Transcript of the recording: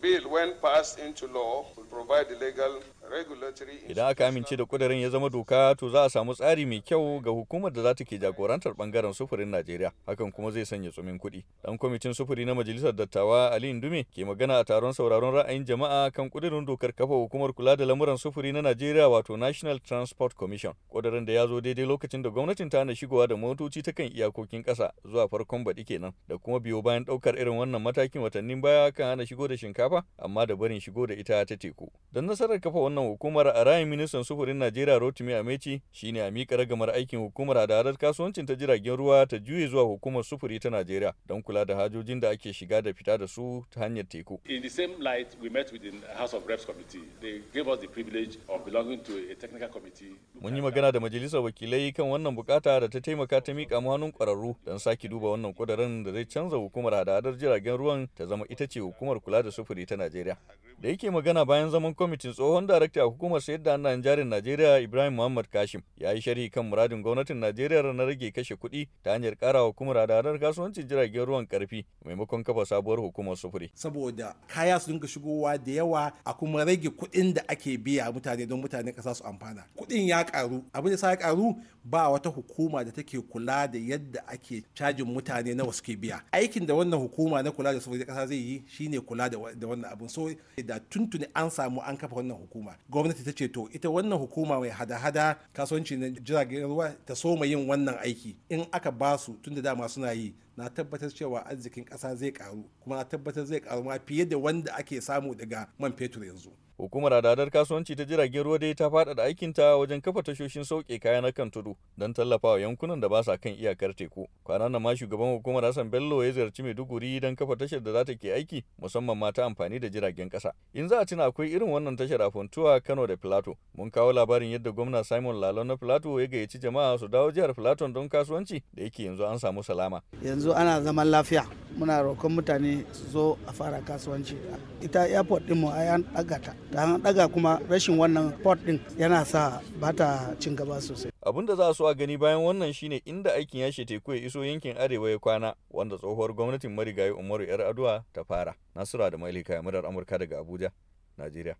bill, when passed into law, will provide the legal Idan aka amince da kudirin ya zama doka to za a samu tsari mai kyau ga hukumar da za ta ke jagorantar bangaren sufurin Najeriya. Hakan kuma zai sanya tsumin kuɗi. Dan kwamitin sufuri na Majalisar Dattawa Ali Indume ke magana a taron sauraron ra'ayin jama'a kan kudirin dokar kafa hukumar kula da lamuran sufuri na Najeriya wato National Transport Commission. Kudirin da ya zo daidai lokacin da gwamnatin ta na shigowa da motoci ta kan iyakokin ƙasa zuwa farkon baɗi kenan da kuma biyo bayan ɗaukar irin wannan matakin watannin baya kan hana shigo da shinkafa amma da barin shigo da ita ta teku. Don nasarar kafa wannan wannan hukumar a rayin ministan sufurin Najeriya Rotimi Amechi shine a miƙa ragamar aikin hukumar adalar kasuwancin ta jiragen ruwa ta juye zuwa hukumar sufuri ta Najeriya don kula da hajojin da ake shiga da fita da su ta hanyar teku. In the same light we met with the House of Reps committee they gave us the privilege of belonging to a technical committee. Mun yi magana da majalisar wakilai kan wannan bukata da ta taimaka ta miƙa mu hannun ƙwararru don sake duba wannan kudarin da zai canza hukumar adalar jiragen ruwan ta zama ita ce hukumar kula da sufuri ta Najeriya. Da yake magana bayan zaman kwamitin tsohon da darakta a hukumar sayar da hannayen jarin Najeriya Ibrahim Muhammad Kashim ya yi sharhi kan muradin gwamnatin Najeriya na rage kashe kuɗi ta hanyar ƙara hukumar hadarar kasuwancin jiragen ruwan ƙarfi maimakon kafa sabuwar hukumar sufuri. Saboda kaya su dinga shigowa da yawa a kuma rage kuɗin da ake biya mutane don mutane ƙasa su amfana. Kuɗin ya ƙaru abin da sa ya ƙaru ba wata hukuma da take kula da yadda ake cajin mutane nawa suke biya. Aikin da wannan hukuma na kula da sufuri ƙasa zai yi shine kula da wannan abin so da tuntuni an samu an kafa wannan hukuma gwamnati ta ce to ita wannan hukuma mai hada-hada kasuwanci na jiragen ruwa ta soma yin wannan aiki in aka ba su tun da dama suna yi na tabbatar cewa arzikin ƙasa zai karu kuma na tabbatar zai karu ma fiye da wanda ake samu daga man fetur yanzu Hukumar adadar kasuwanci ta jiragen ruwa dai ta faɗaɗa aikinta wajen kafa tashoshin sauke kayan na kan tudu don tallafa wa yankunan da ba sa kan iyakar teku. Kwanan nan ma shugaban hukumar Hassan Bello ya ziyarci Maiduguri don kafa tashar da za ta ke aiki musamman ma ta amfani da jiragen ƙasa. In za a tuna akwai irin wannan tashar a Funtuwa, Kano da Filato. Mun kawo labarin yadda gwamna Simon Lalon na Filato ya gayyaci jama'a su dawo jihar Filaton don kasuwanci da yake yanzu an samu salama. Yanzu ana zaman lafiya. muna roƙon mutane su zo a fara kasuwanci ita airport ɗinmu a yan ɗaga ta da an ɗaga kuma rashin wannan port ɗin yana sa ba ta cin gaba sosai abin da za su a gani bayan wannan shine inda aikin yashe teku ya iso yankin arewa ya kwana wanda tsohuwar gwamnatin marigayi umaru yar aduwa ta fara nasura da mailika murar amurka daga abuja najeriya